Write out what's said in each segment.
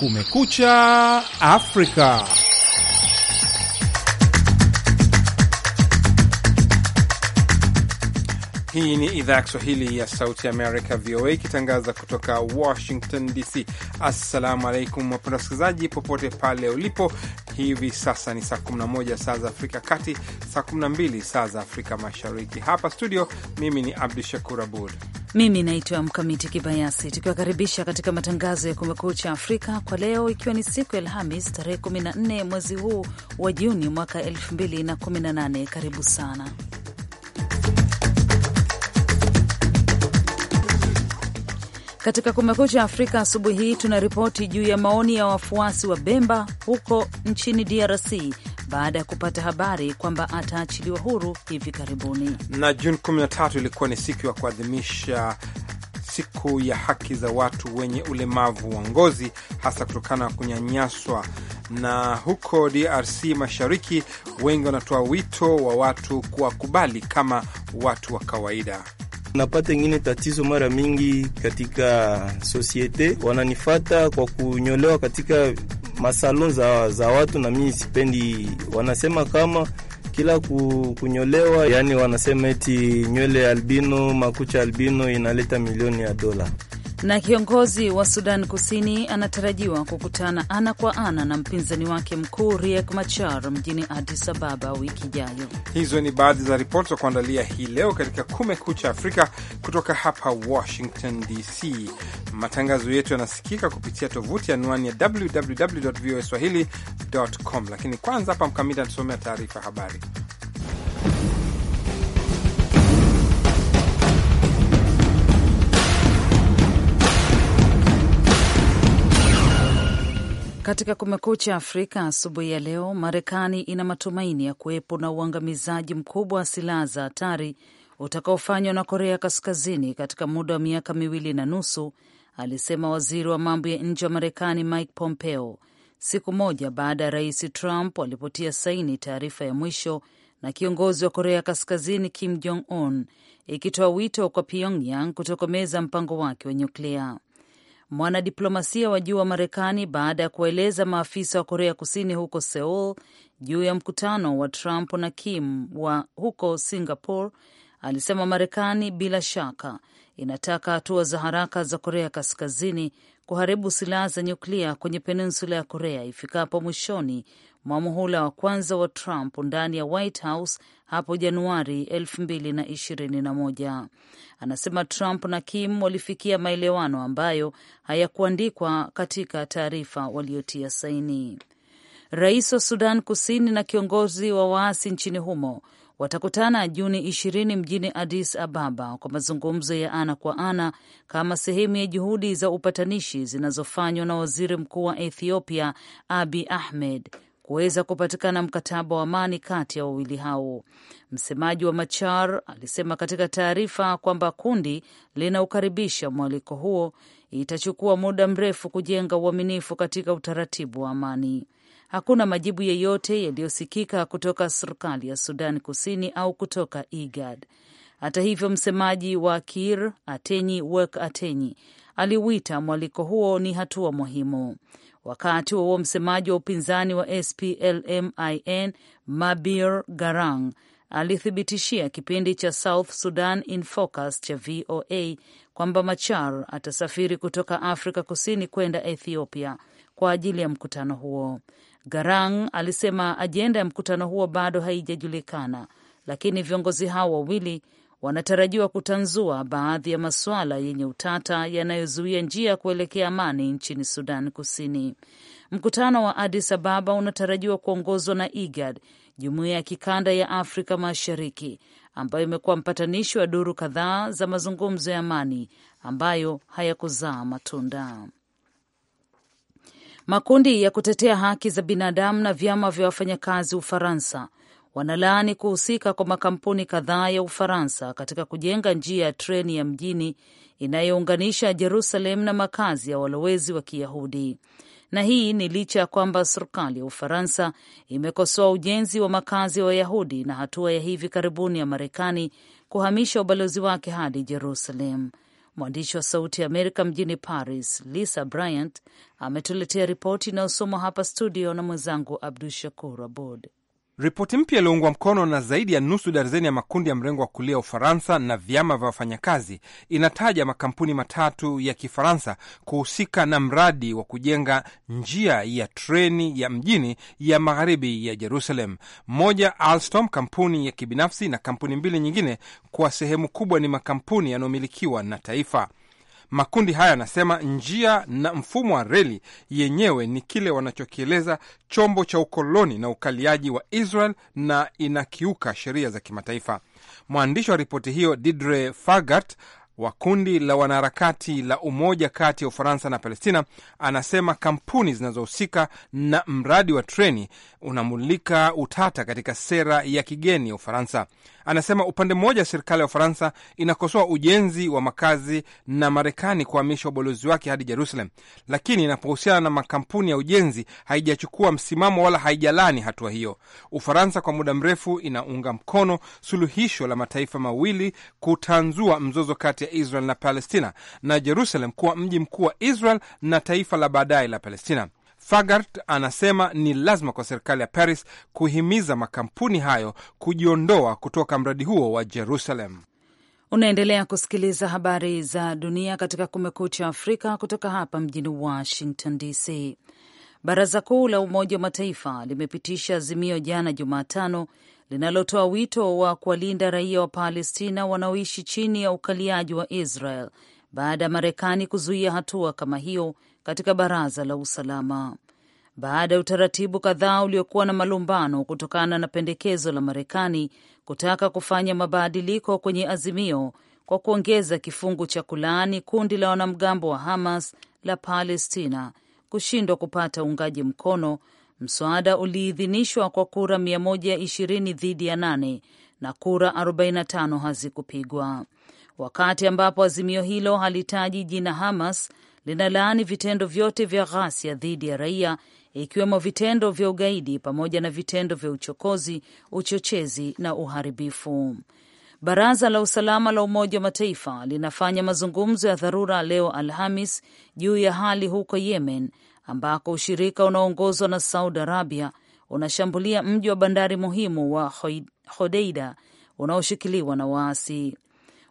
Kumekucha Afrika. Hii ni idhaa ya Kiswahili ya Sauti Amerika, VOA, ikitangaza kutoka Washington DC. Assalamu alaikum wapenda wasikilizaji, popote pale ulipo. Hivi sasa ni saa 11 saa za Afrika Kati, saa 12 saa za Afrika Mashariki. Hapa studio, mimi ni Abdu Shakur Abud mimi naitwa Mkamiti Kibayasi, tukiwakaribisha katika matangazo ya Kumekucha Afrika kwa leo, ikiwa ni siku ya Alhamis tarehe 14 mwezi huu wa Juni mwaka 2018. Karibu sana Katika Kumekucha Afrika asubuhi hii tuna ripoti juu ya maoni ya wafuasi wa Bemba huko nchini DRC baada ya kupata habari kwamba ataachiliwa huru hivi karibuni. Na Juni 13 ilikuwa ni siku ya kuadhimisha siku ya haki za watu wenye ulemavu wa ngozi, hasa kutokana na kunyanyaswa. Na huko DRC mashariki, wengi wanatoa wito wa watu kuwakubali kama watu wa kawaida. Napata ingine tatizo mara mingi katika sosiete, wananifata kwa kunyolewa katika masalon za, za watu, na mimi sipendi. Wanasema kama kila kunyolewa, yani wanasema eti nywele albino, makucha albino inaleta milioni ya dola. Na kiongozi wa Sudan Kusini anatarajiwa kukutana ana kwa ana na mpinzani wake mkuu Riek Machar mjini Addis Ababa wiki ijayo. Hizo ni baadhi za ripoti za kuandalia hii leo katika Kumekucha Afrika kutoka hapa Washington DC. Matangazo yetu yanasikika kupitia tovuti anwani ya www voa swahili com, lakini kwanza hapa Mkamiti anatusomea taarifa habari. Katika Kumekucha Afrika asubuhi ya leo, Marekani ina matumaini ya kuwepo na uangamizaji mkubwa wa silaha za hatari utakaofanywa na Korea Kaskazini katika muda wa miaka miwili na nusu, alisema waziri wa mambo ya nje wa Marekani Mike Pompeo siku moja baada ya Rais Trump alipotia saini taarifa ya mwisho na kiongozi wa Korea Kaskazini Kim Jong Un, ikitoa wito kwa Pyongyang kutokomeza mpango wake wa nyuklia mwanadiplomasia wa juu wa Marekani baada ya kuwaeleza maafisa wa Korea Kusini huko Seoul juu ya mkutano wa Trump na Kim wa huko Singapore alisema Marekani bila shaka inataka hatua za haraka za Korea Kaskazini kuharibu silaha za nyuklia kwenye peninsula ya Korea ifikapo mwishoni mwa muhula wa kwanza wa Trump ndani ya White House hapo Januari 2021. Anasema Trump na Kim walifikia maelewano ambayo hayakuandikwa katika taarifa waliotia saini. Rais wa Sudan Kusini na kiongozi wa waasi nchini humo watakutana Juni 20 mjini Addis Ababa kwa mazungumzo ya ana kwa ana kama sehemu ya juhudi za upatanishi zinazofanywa na waziri mkuu wa Ethiopia Abi Ahmed kuweza kupatikana mkataba wa amani kati ya wawili hao. Msemaji wa Machar alisema katika taarifa kwamba kundi linaukaribisha mwaliko huo. Itachukua muda mrefu kujenga uaminifu katika utaratibu wa amani. Hakuna majibu yeyote yaliyosikika kutoka serikali ya Sudan Kusini au kutoka IGAD. Hata hivyo, msemaji wa kir Atenyi Wek Atenyi aliuita mwaliko huo ni hatua muhimu. Wakati huo msemaji wa upinzani wa SPLMIN Mabir Garang alithibitishia kipindi cha South Sudan in Focus cha VOA kwamba Machar atasafiri kutoka Afrika Kusini kwenda Ethiopia kwa ajili ya mkutano huo. Garang alisema ajenda ya mkutano huo bado haijajulikana, lakini viongozi hao wawili wanatarajiwa kutanzua baadhi ya masuala yenye utata yanayozuia njia ya kuelekea amani nchini Sudan Kusini. Mkutano wa Addis Ababa unatarajiwa kuongozwa na IGAD, jumuiya ya kikanda ya Afrika Mashariki, ambayo imekuwa mpatanishi wa duru kadhaa za mazungumzo ya amani ambayo hayakuzaa matunda. Makundi ya kutetea haki za binadamu na vyama vya wafanyakazi Ufaransa wanalaani kuhusika kwa makampuni kadhaa ya Ufaransa katika kujenga njia ya treni ya mjini inayounganisha Jerusalem na makazi ya walowezi wa Kiyahudi. Na hii ni licha ya kwamba serikali ya Ufaransa imekosoa ujenzi wa makazi ya Wayahudi na hatua ya hivi karibuni ya Marekani kuhamisha ubalozi wake hadi Jerusalem. Mwandishi wa Sauti ya Amerika mjini Paris, Lisa Bryant, ametuletea ripoti inayosomwa hapa studio na mwenzangu Abdu Shakur Abod. Ripoti mpya iliyoungwa mkono na zaidi ya nusu darzeni ya makundi ya mrengo wa kulia Ufaransa na vyama vya wafanyakazi inataja makampuni matatu ya Kifaransa kuhusika na mradi wa kujenga njia ya treni ya mjini ya magharibi ya Jerusalem: moja Alstom, kampuni ya kibinafsi, na kampuni mbili nyingine. Kwa sehemu kubwa ni makampuni yanayomilikiwa na taifa. Makundi haya yanasema njia na mfumo wa reli yenyewe ni kile wanachokieleza chombo cha ukoloni na ukaliaji wa Israel na inakiuka sheria za kimataifa. Mwandishi wa ripoti hiyo Didre Fagart wa kundi la wanaharakati la umoja kati ya Ufaransa na Palestina anasema kampuni zinazohusika na mradi wa treni unamulika utata katika sera ya kigeni ya Ufaransa. Anasema upande mmoja serikali ya Ufaransa inakosoa ujenzi wa makazi na Marekani kuhamisha ubalozi wake hadi Jerusalem, lakini inapohusiana na makampuni ya ujenzi haijachukua msimamo wala haijalani hatua hiyo. Ufaransa kwa muda mrefu inaunga mkono suluhisho la mataifa mawili kutanzua mzozo kati ya Israel na Palestina na Jerusalem kuwa mji mkuu wa Israel na taifa la baadaye la Palestina. Fagart anasema ni lazima kwa serikali ya Paris kuhimiza makampuni hayo kujiondoa kutoka mradi huo wa Jerusalem. Unaendelea kusikiliza habari za dunia katika Kumekucha Afrika kutoka hapa mjini Washington DC. Baraza Kuu la Umoja wa Mataifa limepitisha azimio jana Jumatano linalotoa wito wa kuwalinda raia wa Palestina wanaoishi chini ya ukaliaji wa Israel baada ya Marekani kuzuia hatua kama hiyo katika baraza la usalama baada ya utaratibu kadhaa uliokuwa na malumbano kutokana na pendekezo la Marekani kutaka kufanya mabadiliko kwenye azimio kwa kuongeza kifungu cha kulaani kundi la wanamgambo wa Hamas la Palestina kushindwa kupata uungaji mkono. Mswada uliidhinishwa kwa kura 120 dhidi ya nane na kura 45 hazikupigwa, wakati ambapo azimio hilo halitaji jina Hamas linalaani vitendo vyote vya ghasia dhidi ya raia ikiwemo vitendo vya ugaidi pamoja na vitendo vya uchokozi, uchochezi na uharibifu. Baraza la usalama la Umoja wa Mataifa linafanya mazungumzo ya dharura leo Alhamis juu ya hali huko Yemen, ambako ushirika unaoongozwa na Saudi Arabia unashambulia mji wa bandari muhimu wa Hodeida unaoshikiliwa na waasi.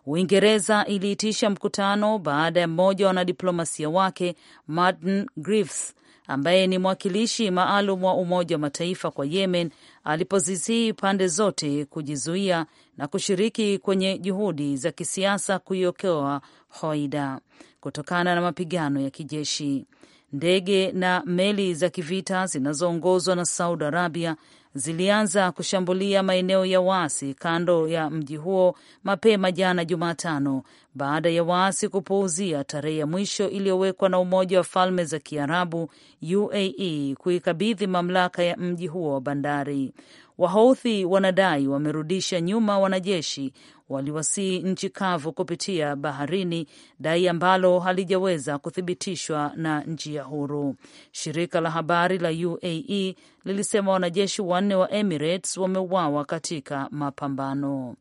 Uingereza iliitisha mkutano baada ya mmoja wa wanadiplomasia wake Martin Griffiths ambaye ni mwakilishi maalum wa Umoja wa Mataifa kwa Yemen alipozisii pande zote kujizuia na kushiriki kwenye juhudi za kisiasa kuiokoa Hoida kutokana na mapigano ya kijeshi. Ndege na meli za kivita zinazoongozwa na Saudi Arabia zilianza kushambulia maeneo ya waasi kando ya mji huo mapema jana Jumatano baada ya waasi kupuuzia tarehe ya mwisho iliyowekwa na Umoja wa Falme za Kiarabu UAE kuikabidhi mamlaka ya mji huo wa bandari. Wahouthi wanadai wamerudisha nyuma wanajeshi waliwasii nchi kavu kupitia baharini, dai ambalo halijaweza kuthibitishwa na nchi ya huru. Shirika la habari la UAE lilisema wanajeshi wanne wa Emirates wameuawa katika mapambano.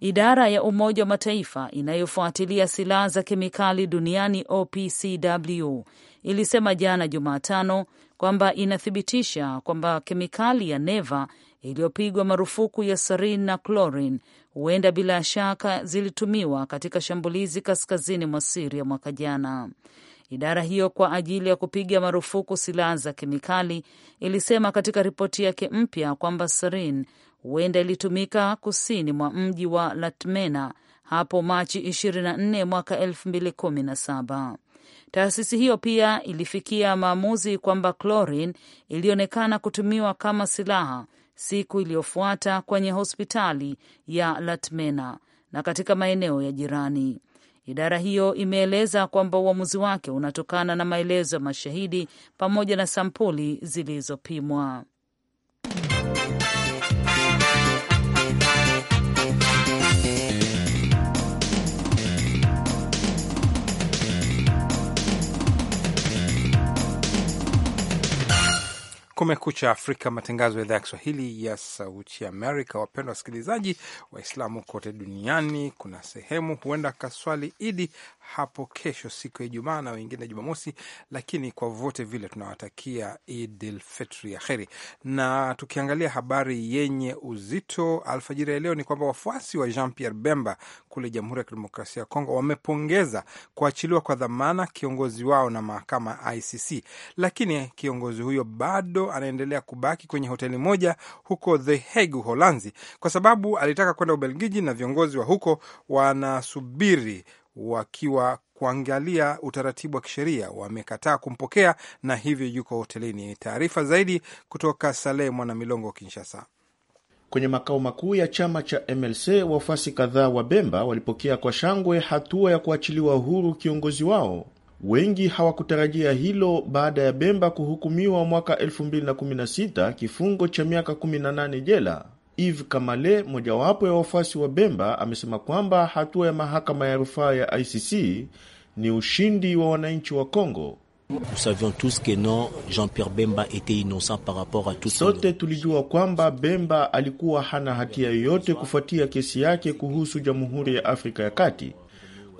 Idara ya Umoja wa Mataifa inayofuatilia silaha za kemikali duniani OPCW ilisema jana Jumatano kwamba inathibitisha kwamba kemikali ya neva iliyopigwa marufuku ya sarin na chlorin huenda bila shaka zilitumiwa katika shambulizi kaskazini mwa Siria mwaka jana. Idara hiyo kwa ajili ya kupiga marufuku silaha za kemikali ilisema katika ripoti yake mpya kwamba sarin huenda ilitumika kusini mwa mji wa Latmena hapo Machi 24 mwaka 2017. Taasisi hiyo pia ilifikia maamuzi kwamba chlorin ilionekana kutumiwa kama silaha siku iliyofuata kwenye hospitali ya Latmena na katika maeneo ya jirani. Idara hiyo imeeleza kwamba uamuzi wake unatokana na maelezo ya mashahidi pamoja na sampuli zilizopimwa. Kumekucha Afrika, matangazo ya idhaa ya Kiswahili ya Sauti Amerika. Wapendwa wasikilizaji, Waislamu kote duniani, kuna sehemu huenda kaswali Idi hapo kesho, siku ya Ijumaa na wengine Jumamosi, lakini kwa vote vile tunawatakia Idil Fitri ya heri. Na tukiangalia habari yenye uzito alfajiri ya leo ni kwamba wafuasi wa Jean Pierre Bemba kule Jamhuri ya Kidemokrasia ya Kongo wamepongeza kuachiliwa kwa dhamana kiongozi wao na mahakama ICC, lakini kiongozi huyo bado anaendelea kubaki kwenye hoteli moja huko The Hague, Uholanzi, kwa sababu alitaka kwenda Ubelgiji na viongozi wa huko wanasubiri wakiwa kuangalia utaratibu wa kisheria, wamekataa kumpokea na hivyo yuko hotelini. Taarifa zaidi kutoka Saleh Mwanamilongo, Kinshasa. Kwenye makao makuu ya chama cha MLC wafuasi kadhaa wa Bemba walipokea kwa shangwe hatua ya kuachiliwa huru kiongozi wao Wengi hawakutarajia hilo baada ya Bemba kuhukumiwa mwaka 2016 kifungo cha miaka 18 jela. Eve Kamale, mojawapo ya wafuasi wa Bemba, amesema kwamba hatua ya mahakama ya rufaa ya ICC ni ushindi wa wananchi wa Kongo. Sote tulijua kwamba Bemba alikuwa hana hatia yoyote kufuatia kesi yake kuhusu Jamhuri ya Afrika ya Kati.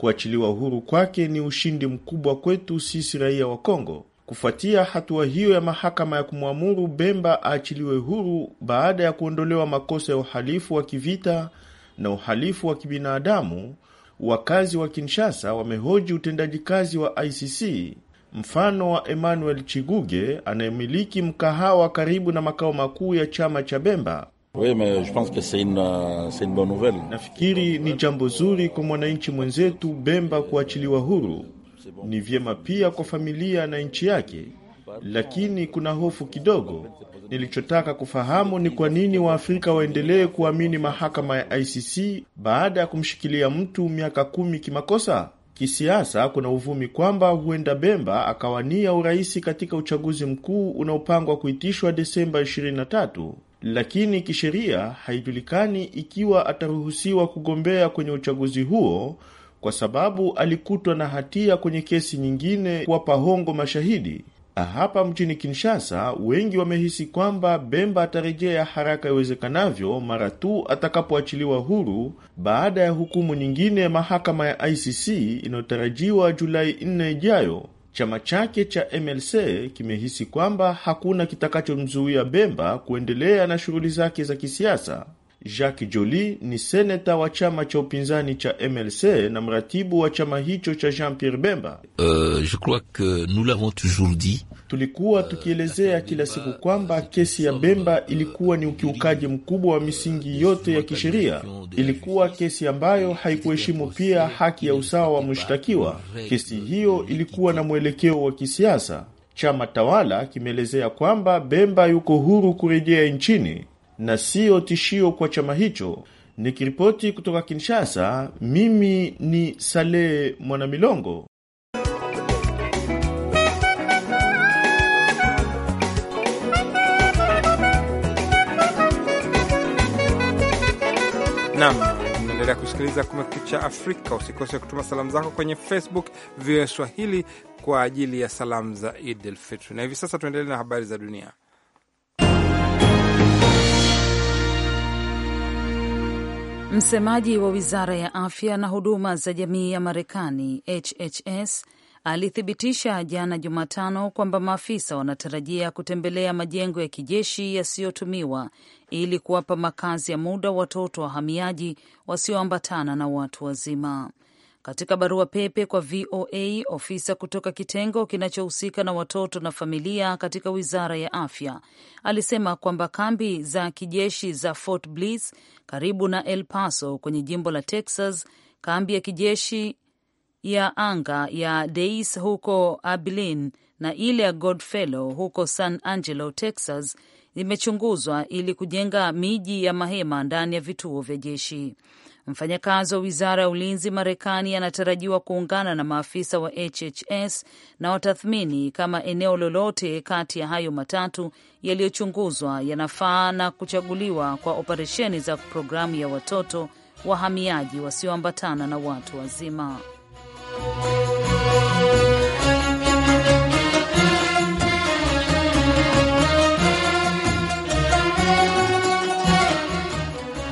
Kuachiliwa huru kwake ni ushindi mkubwa kwetu sisi raia wa Kongo. Kufuatia hatua hiyo ya mahakama ya kumwamuru Bemba aachiliwe huru baada ya kuondolewa makosa ya uhalifu wa kivita na uhalifu wa kibinadamu, wakazi wa Kinshasa wamehoji utendaji kazi wa ICC. Mfano wa Emmanuel Chiguge anayemiliki mkahawa karibu na makao makuu ya chama cha Bemba Oui, mais je pense que c'est une, euh, une bonne nouvelle. Nafikiri ni jambo zuri kwa mwananchi mwenzetu Bemba kuachiliwa huru. Ni vyema pia kwa familia na nchi yake, lakini kuna hofu kidogo. Nilichotaka kufahamu ni kwa nini Waafrika waendelee kuamini mahakama ya ICC baada ya kumshikilia mtu miaka kumi kimakosa. Kisiasa kuna uvumi kwamba huenda Bemba akawania uraisi katika uchaguzi mkuu unaopangwa kuitishwa Desemba 23 lakini kisheria haijulikani ikiwa ataruhusiwa kugombea kwenye uchaguzi huo kwa sababu alikutwa na hatia kwenye kesi nyingine kuwapa hongo mashahidi. Hapa mjini Kinshasa, wengi wamehisi kwamba Bemba atarejea haraka iwezekanavyo mara tu atakapoachiliwa huru baada ya hukumu nyingine ya mahakama ya ICC inayotarajiwa Julai 4 ijayo. Chama chake cha MLC kimehisi kwamba hakuna kitakachomzuia Bemba kuendelea na shughuli zake za kisiasa. Jacques Joly ni seneta wa chama cha upinzani cha MLC na mratibu wa chama hicho cha Jean Pierre Bemba. Uh, je crois que nous l'avons toujours dit Tulikuwa tukielezea kila siku kwamba kesi ya Bemba ilikuwa ni ukiukaji mkubwa wa misingi yote ya kisheria. Ilikuwa kesi ambayo haikuheshimu pia haki ya usawa wa mshtakiwa. Kesi hiyo ilikuwa na mwelekeo wa kisiasa. Chama tawala kimeelezea kwamba Bemba yuko huru kurejea nchini na siyo tishio kwa chama hicho. Nikiripoti kutoka Kinshasa, mimi ni Saleh Mwanamilongo. Nam unaendelea kusikiliza Kumekucha Afrika. Usikose kutuma salamu zako kwenye Facebook VOA Swahili kwa ajili ya salamu za Id el Fitri. Na hivi sasa tuendelee na habari za dunia. Msemaji wa wizara ya afya na huduma za jamii ya Marekani, HHS, alithibitisha jana Jumatano kwamba maafisa wanatarajia kutembelea majengo ya kijeshi yasiyotumiwa ili kuwapa makazi ya muda watoto wahamiaji wasioambatana na watu wazima. Katika barua pepe kwa VOA, ofisa kutoka kitengo kinachohusika na watoto na familia katika wizara ya afya alisema kwamba kambi za kijeshi za Fort Bliss karibu na El Paso kwenye jimbo la Texas, kambi ya kijeshi ya anga ya Deis huko Abilene na ile ya Godfellow huko San Angelo, Texas imechunguzwa ili kujenga miji ya mahema ndani ya vituo vya jeshi. Mfanyakazi wa wizara ya ulinzi Marekani anatarajiwa kuungana na maafisa wa HHS na watathmini kama eneo lolote kati ya hayo matatu yaliyochunguzwa yanafaa na kuchaguliwa kwa operesheni za programu ya watoto wahamiaji wasioambatana na watu wazima. you.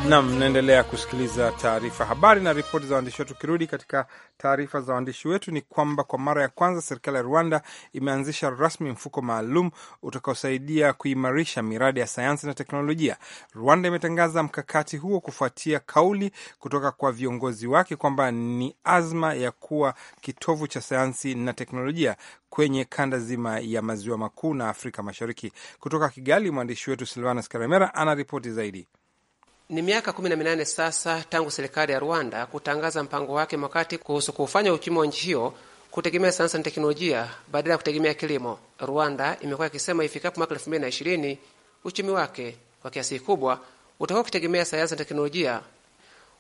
Nam, mnaendelea kusikiliza taarifa habari na ripoti za waandishi wetu. kirudi katika taarifa za waandishi wetu, ni kwamba kwa mara ya kwanza serikali ya Rwanda imeanzisha rasmi mfuko maalum utakaosaidia kuimarisha miradi ya sayansi na teknolojia. Rwanda imetangaza mkakati huo kufuatia kauli kutoka kwa viongozi wake kwamba ni azma ya kuwa kitovu cha sayansi na teknolojia kwenye kanda zima ya maziwa makuu na Afrika Mashariki. Kutoka Kigali, mwandishi wetu Silvanus Karemera ana ripoti zaidi. Ni miaka kumi na minane sasa tangu serikali ya Rwanda kutangaza mpango wake mwakati kuhusu kuufanya uchumi wa nchi hiyo kutegemea sayansi na teknolojia badala ya kutegemea kilimo. Rwanda imekuwa ikisema ifikapo mwaka elfu mbili na ishirini uchumi wake kwa kiasi kikubwa utakuwa ukitegemea sayansi na teknolojia.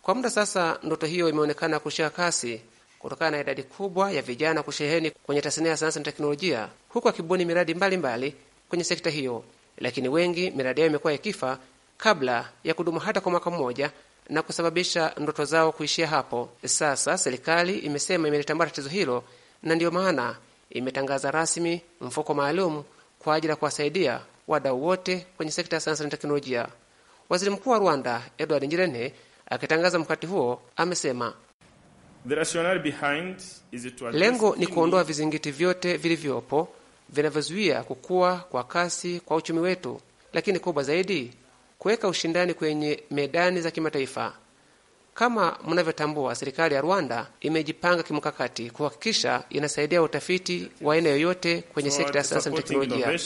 Kwa muda sasa, ndoto hiyo imeonekana kushika kasi kutokana na idadi kubwa ya vijana kusheheni kwenye tasnia ya sayansi na teknolojia, huku akibuni miradi mbalimbali mbali kwenye sekta hiyo, lakini wengi miradi yao imekuwa ikifa kabla ya kudumu hata kwa mwaka mmoja na kusababisha ndoto zao kuishia hapo. Sasa serikali imesema imelitambua tatizo hilo na ndiyo maana imetangaza rasmi mfuko maalum kwa ajili ya kuwasaidia wadau wote kwenye sekta ya sayansi na teknolojia. Waziri Mkuu wa Rwanda Edward Ngirente akitangaza mkakati huo amesema lengo ni kuondoa vizingiti vyote vilivyopo vinavyozuia kukua kwa kasi kwa uchumi wetu, lakini kubwa zaidi kuweka ushindani kwenye medani za kimataifa. Kama mnavyotambua, serikali ya Rwanda imejipanga kimkakati kuhakikisha inasaidia utafiti wa aina yoyote kwenye sekta ya sayansi na teknolojia.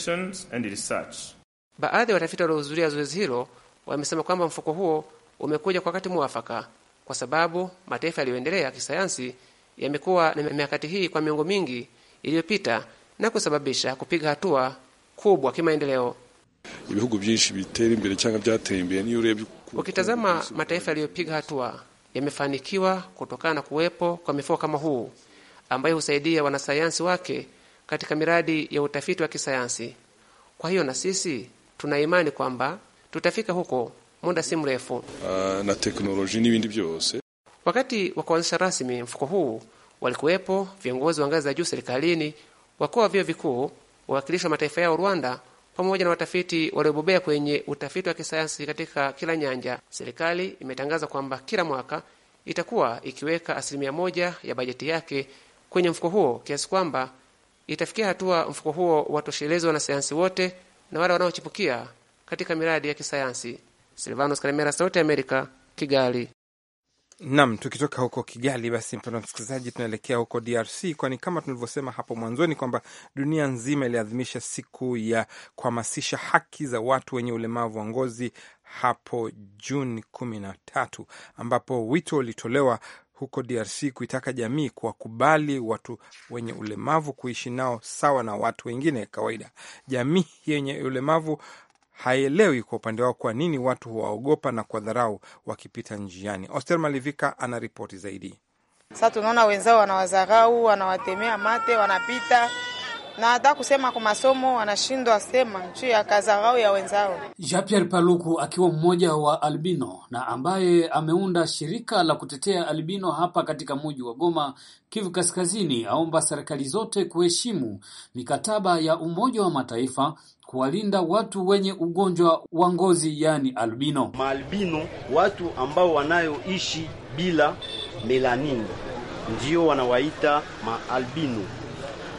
Baadhi ya watafiti waliohudhuria zoezi hilo wamesema kwamba mfuko huo umekuja kwa wakati muwafaka, kwa sababu mataifa yaliyoendelea kisayansi yamekuwa na mikakati hii kwa miongo mingi iliyopita na kusababisha kupiga hatua kubwa kimaendeleo ibihugu byinshi bitera imbere cyangwa byateye imbere niyo urebye ukitazama mataifa yaliyopiga hatua yamefanikiwa kutokana na kuwepo kwa mifuko kama huu ambayo husaidia wanasayansi wake katika miradi ya utafiti wa kisayansi. Kwa hiyo na sisi tuna imani kwamba tutafika huko muda si mrefu. Uh, na teknolojia n'ibindi byose. Wakati wa kuanzisha rasmi mfuko huu walikuwepo viongozi wa ngazi za juu serikalini, wakuu wa vyuo vikuu, wawakilishi wa mataifa yao Rwanda pamoja na watafiti waliobobea kwenye utafiti wa kisayansi katika kila nyanja. Serikali imetangaza kwamba kila mwaka itakuwa ikiweka asilimia moja ya bajeti yake kwenye mfuko huo kiasi kwamba itafikia hatua mfuko huo watoshelezi wanasayansi wote na wale wanaochipukia katika miradi ya kisayansi. Silvanos Kalemera, Sauti ya Amerika, Kigali. Nam, tukitoka huko Kigali, basi mpendwa msikilizaji, tunaelekea huko DRC, kwani kama tulivyosema hapo mwanzoni kwamba dunia nzima iliadhimisha siku ya kuhamasisha haki za watu wenye ulemavu wa ngozi hapo Juni kumi na tatu, ambapo wito ulitolewa huko DRC kuitaka jamii kuwakubali watu wenye ulemavu kuishi nao sawa na watu wengine kawaida. Jamii yenye ulemavu haielewi kwa upande wao kwa nini watu huwaogopa na kwa dharau wakipita njiani. Oster Malivika anaripoti zaidi. Sasa tunaona wenzao wanawadharau, wanawatemea mate, wanapita na hata kusema kwa masomo wanashindwa sema juu ya kazarau ya wenzao. Jean Pierre Paluku akiwa mmoja wa albino na ambaye ameunda shirika la kutetea albino hapa katika muji wa Goma, Kivu Kaskazini, aomba serikali zote kuheshimu mikataba ya Umoja wa Mataifa kuwalinda watu wenye ugonjwa wa ngozi yani albino. Maalbino watu ambao wanayoishi bila melanini ndio wanawaita maalbino.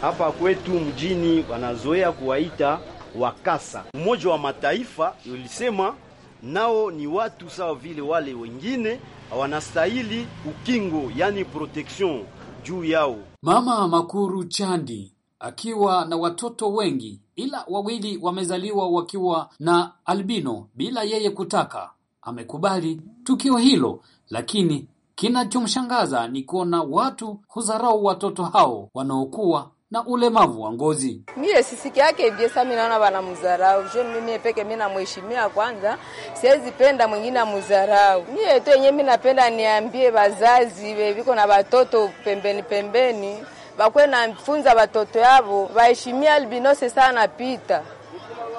Hapa kwetu mjini wanazoea kuwaita wakasa. Umoja wa Mataifa ulisema nao ni watu sawa vile wale wengine wanastahili ukingo, yani protection juu yao. Mama Makuru Chandi akiwa na watoto wengi, ila wawili wamezaliwa wakiwa na albino bila yeye kutaka. Amekubali tukio hilo, lakini kinachomshangaza ni kuona watu hudharau watoto hao wanaokuwa na ulemavu wa ngozi. Mie sisiki yake hivyo, sasa mimi naona bana mudharau. Je, mimi peke mimi namheshimia kwanza, siwezi penda mwingine amudharau. Mie tu yenyewe mimi napenda niambie wazazi viko na watoto pembeni pembeni bakwe mfunza batoto yabo baheshimia albinose sana pita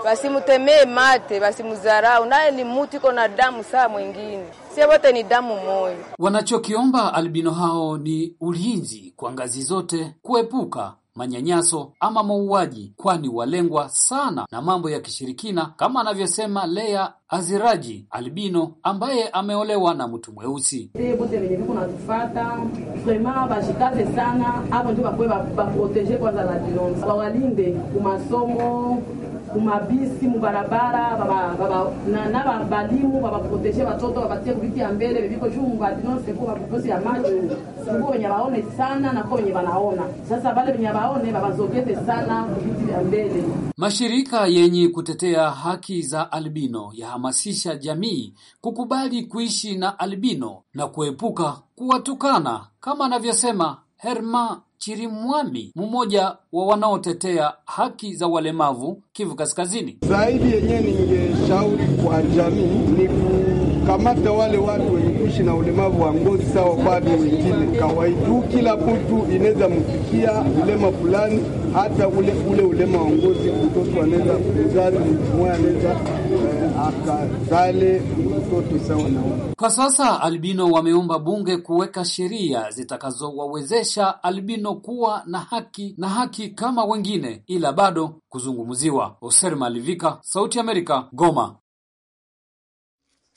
basimutemee mate basimudharau, naye ni mutu iko na damu saa mwingine, sie wote ni damu moyo. Wanachokiomba albino hao ni ulinzi kwa ngazi zote, kuepuka manyanyaso ama mauaji, kwani walengwa sana na mambo ya kishirikina, kama anavyosema Lea Aziraji albino ambaye ameolewa na mtu mweusi. Vote venye viko natufata vrema vashikaze sana hapo, ndio vakuwe vaproteje kwanza la violence, wawalinde kumasomo kumabisi mubarabara na balimu babaproteje watoto wabatie kubiti ya mbele viviko juu muvadinonse ko vakukosi ya macho sikuko venye baone sana nako venye banaona sasa vale venye waone sana mbele. Mashirika yenye kutetea haki za albino yahamasisha jamii kukubali kuishi na albino na kuepuka kuwatukana, kama anavyosema Herma Chirimwami, mmoja wa wanaotetea haki za walemavu Kivu Kaskazini. Zaidi yenyewe ningeshauri kwa jamii ni kukamata wale watu kuishi na ulemavu wa ngozi sawa bado wengine kawaida. Kila mtu inaweza mfikia ulema fulani, hata ule ule ulema wa ngozi. Mtoto anaweza kuzali mmoja anaweza eh, akazale mtoto sawa na kwa sasa. Albino wameomba bunge kuweka sheria zitakazowawezesha albino kuwa na haki na haki kama wengine, ila bado kuzungumziwa. Oser Malivika, Sauti ya Amerika, Goma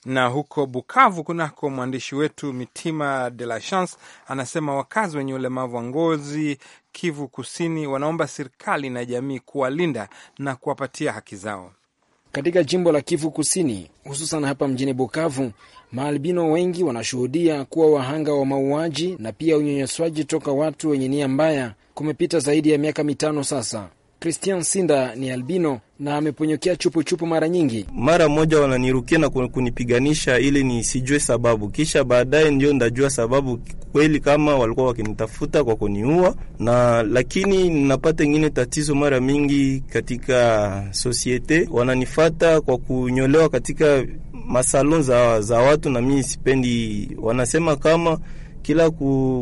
na huko Bukavu kunako mwandishi wetu Mitima de la Chance anasema wakazi wenye ulemavu wa ngozi Kivu Kusini wanaomba serikali na jamii kuwalinda na kuwapatia haki zao. Katika jimbo la Kivu Kusini, hususan hapa mjini Bukavu, maalbino wengi wanashuhudia kuwa wahanga wa mauaji na pia unyonyeswaji toka watu wenye nia mbaya kumepita zaidi ya miaka mitano sasa. Christian Sinda ni albino na ameponyokea chupuchupu mara nyingi. Mara moja wananirukia na kunipiganisha ili nisijue sababu, kisha baadaye ndio ndajua sababu kweli kama walikuwa wakinitafuta kwa kuniua. Na lakini ninapata ingine tatizo mara mingi katika sosiete, wananifata kwa kunyolewa katika masalon za, za watu na mimi sipendi. Wanasema kama kila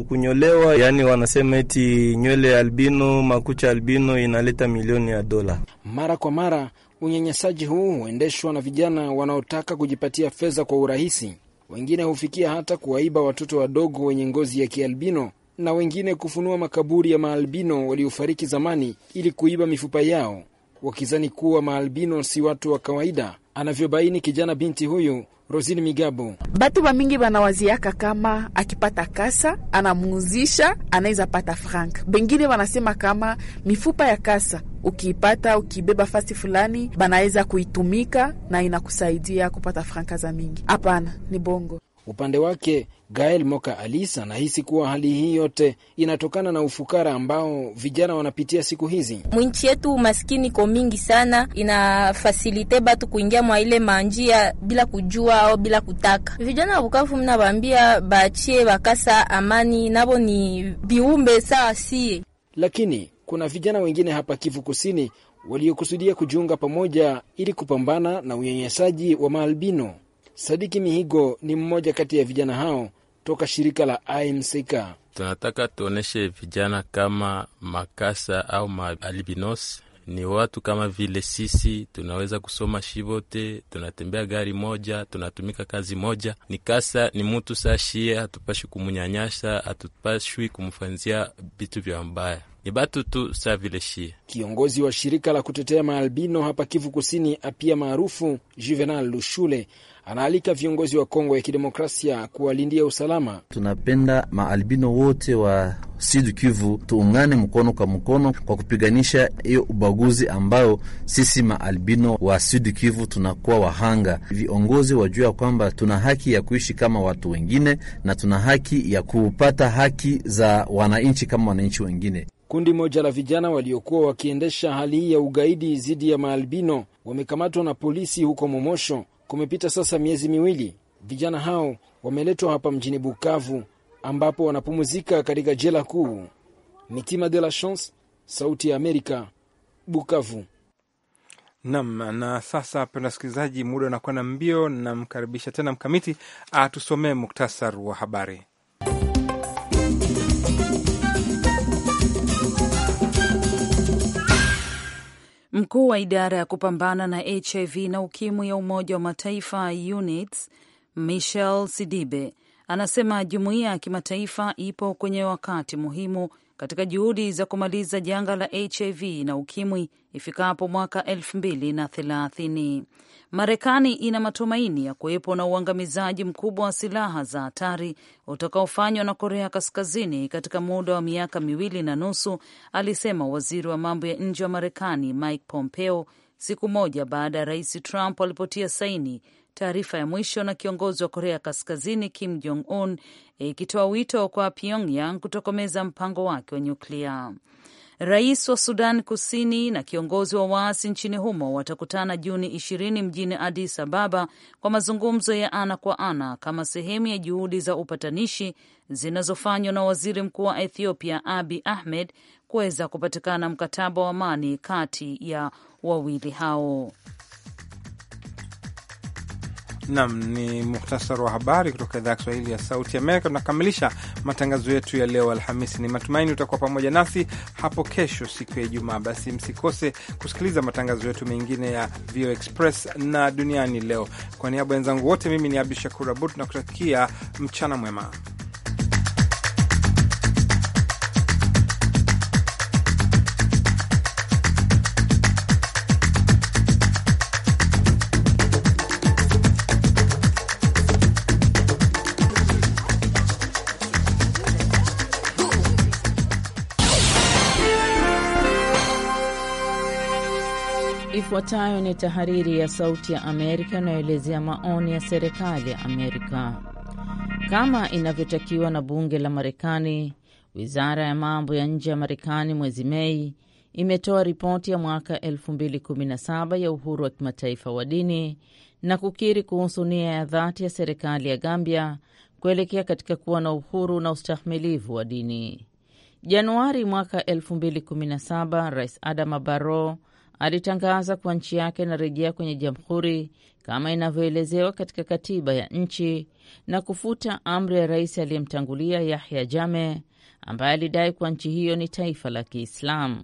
kunyolewa, yani wanasema eti nywele albino, makucha albino inaleta milioni ya dola. Mara kwa mara unyanyasaji huu huendeshwa na vijana wanaotaka kujipatia fedha kwa urahisi. Wengine hufikia hata kuwaiba watoto wadogo wenye ngozi ya kialbino na wengine kufunua makaburi ya maalbino waliofariki zamani ili kuiba mifupa yao wakizani kuwa maalbino si watu wa kawaida, anavyobaini kijana binti huyu Rosine Migabo. Batu ba mingi banawaziaka kama akipata kasa anamuuzisha anaweza pata franka. Bengine wanasema kama mifupa ya kasa ukiipata ukibeba fasi fulani banaweza kuitumika na inakusaidia kupata franka za mingi. Hapana, ni bongo. Upande wake Gael Moka Alis anahisi kuwa hali hii yote inatokana na ufukara ambao vijana wanapitia siku hizi. Mwinchi yetu umaskini ko mingi sana, inafasilite batu kuingia mwa ile manjia bila kujua au bila kutaka. Vijana wa Bukavu mnabambia bachie bakasa amani, nabo ni viumbe sawa sie. Lakini kuna vijana wengine hapa Kivu Kusini waliokusudia kujiunga pamoja ili kupambana na unyanyasaji wa maalbino. Sadiki Mihigo ni mmoja kati ya vijana hao toka shirika la amck Tunataka tuoneshe vijana kama Makasa au maalbinos ni watu kama vile sisi, tunaweza kusoma shivote, tunatembea gari moja, tunatumika kazi moja. Ni kasa ni mutu sashie, hatupashi kumunyanyasa, hatupashwi kumfanzia vitu vya mbaya, ni batu tu sa vile shie. Kiongozi wa shirika la kutetea maalbino hapa Kivu Kusini, apia maarufu Juvenal Lushule anaalika viongozi wa Kongo ya Kidemokrasia kuwalindia usalama. Tunapenda maalbino wote wa Sud Kivu tuungane mkono kwa mkono kwa kupiganisha hiyo ubaguzi ambayo sisi maalbino wa Sud Kivu tunakuwa wahanga. Viongozi wajua kwamba tuna haki ya kuishi kama watu wengine na tuna haki ya kupata haki za wananchi kama wananchi wengine. Kundi moja la vijana waliokuwa wakiendesha hali hii ya ugaidi dhidi ya maalbino wamekamatwa na polisi huko Momosho Kumepita sasa miezi miwili, vijana hao wameletwa hapa mjini Bukavu ambapo wanapumzika katika jela kuu. Mitima de la Chance, Sauti ya Amerika, Bukavu. Nam na sasa, penda wasikilizaji, muda na mbio. Namkaribisha tena Mkamiti atusomee muktasar wa habari. Mkuu wa idara ya kupambana na HIV na ukimwi ya Umoja wa Mataifa units Michel Sidibe anasema jumuiya ya kimataifa ipo kwenye wakati muhimu katika juhudi za kumaliza janga la HIV na ukimwi ifikapo mwaka elfu mbili na thelathini. Marekani ina matumaini ya kuwepo na uangamizaji mkubwa wa silaha za hatari utakaofanywa na Korea Kaskazini katika muda wa miaka miwili na nusu, alisema waziri wa mambo ya nje wa Marekani Mike Pompeo siku moja baada ya Rais Trump alipotia saini taarifa ya mwisho na kiongozi wa Korea Kaskazini Kim Jong Un ikitoa e, wito kwa Pyongyang kutokomeza mpango wake wa nyuklia. Rais wa Sudan Kusini na kiongozi wa waasi nchini humo watakutana Juni 20 mjini Addis Ababa kwa mazungumzo ya ana kwa ana kama sehemu ya juhudi za upatanishi zinazofanywa na waziri mkuu wa Ethiopia Abi Ahmed kuweza kupatikana mkataba wa amani kati ya wawili hao. Nam ni muhtasari wa habari kutoka idhaa ya Kiswahili ya Sauti Amerika. Tunakamilisha matangazo yetu ya leo Alhamisi. Ni matumaini utakuwa pamoja nasi hapo kesho, siku ya Ijumaa. Basi msikose kusikiliza matangazo yetu mengine ya VOA Express na Duniani Leo. Kwa niaba wenzangu wote, mimi ni Abdu Shakur Abud na kutakia mchana mwema. Ifuatayo ni tahariri ya Sauti ya Amerika inayoelezea maoni ya serikali ya Amerika. Kama inavyotakiwa na bunge la Marekani, wizara ya mambo ya nje ya Marekani mwezi Mei imetoa ripoti ya mwaka 2017 ya uhuru wa kimataifa wa dini na kukiri kuhusu nia ya dhati ya serikali ya Gambia kuelekea katika kuwa na uhuru na ustahimilivu wa dini. Januari mwaka 2017, Rais Adama Barrow alitangaza kuwa nchi yake inarejea kwenye jamhuri kama inavyoelezewa katika katiba ya nchi na kufuta amri ya rais aliyemtangulia Yahya jame ambaye alidai kuwa nchi hiyo ni taifa la Kiislamu.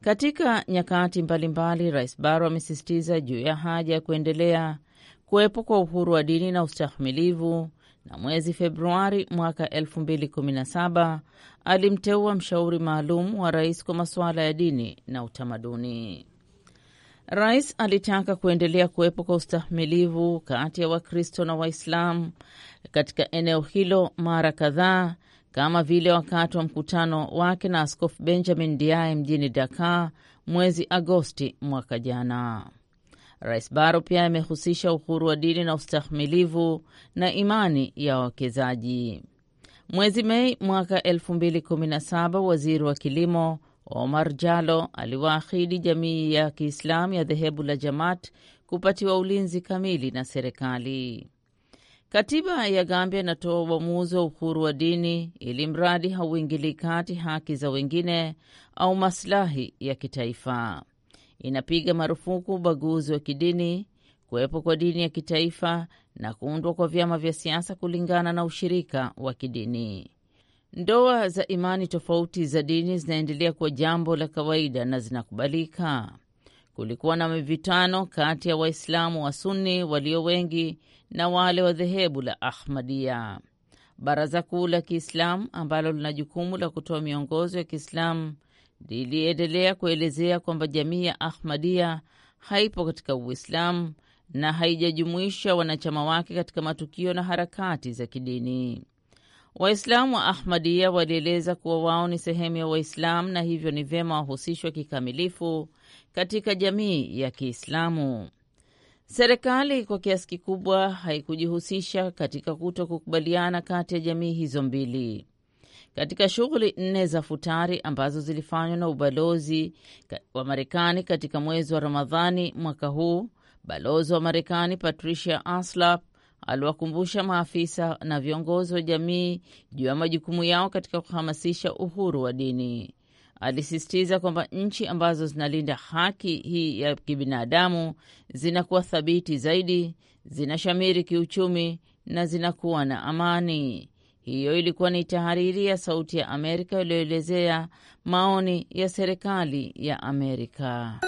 Katika nyakati mbalimbali, Rais Barrow amesisitiza juu ya haja ya kuendelea kuwepo kwa uhuru wa dini na ustahimilivu na mwezi Februari mwaka 2017 alimteua mshauri maalum wa rais kwa masuala ya dini na utamaduni. Rais alitaka kuendelea kuwepo kwa ustahimilivu kati ya Wakristo na Waislamu katika eneo hilo mara kadhaa, kama vile wakati wa mkutano wake na Askofu Benjamin Ndiaye mjini Dakar mwezi Agosti mwaka jana. Rais Barrow pia amehusisha uhuru wa dini na ustahimilivu na imani ya wawekezaji. Mwezi Mei mwaka 2017 waziri wa kilimo Omar Jalo aliwaahidi jamii ya Kiislamu ya dhehebu la Jamaat kupatiwa ulinzi kamili na serikali. Katiba ya Gambia inatoa uamuzi wa uhuru wa dini ili mradi hauingilii kati haki za wengine au maslahi ya kitaifa inapiga marufuku ubaguzi wa kidini, kuwepo kwa dini ya kitaifa na kuundwa kwa vyama vya siasa kulingana na ushirika wa kidini. Ndoa za imani tofauti za dini zinaendelea kuwa jambo la kawaida na zinakubalika. Kulikuwa na mivitano kati ya Waislamu wa Sunni walio wengi na wale wa dhehebu la Ahmadia. Baraza Kuu la Kiislamu ambalo lina jukumu la kutoa miongozo ya Kiislamu liliendelea kuelezea kwamba jamii ya Ahmadia haipo katika Uislamu na haijajumuisha wanachama wake katika matukio na harakati za kidini. Waislamu wa Ahmadia walieleza kuwa wao ni sehemu ya Waislamu na hivyo ni vyema wahusishwe kikamilifu katika jamii ya Kiislamu. Serikali kwa kiasi kikubwa haikujihusisha katika kuto kukubaliana kati ya jamii hizo mbili katika shughuli nne za futari ambazo zilifanywa na ubalozi wa Marekani katika mwezi wa Ramadhani mwaka huu. Balozi wa Marekani Patricia Aslap aliwakumbusha maafisa na viongozi wa jamii juu ya majukumu yao katika kuhamasisha uhuru wa dini. Alisisitiza kwamba nchi ambazo zinalinda haki hii ya kibinadamu zinakuwa thabiti zaidi, zinashamiri kiuchumi na zinakuwa na amani. Hiyo ilikuwa ni tahariri ya Sauti ya Amerika iliyoelezea maoni ya serikali ya Amerika.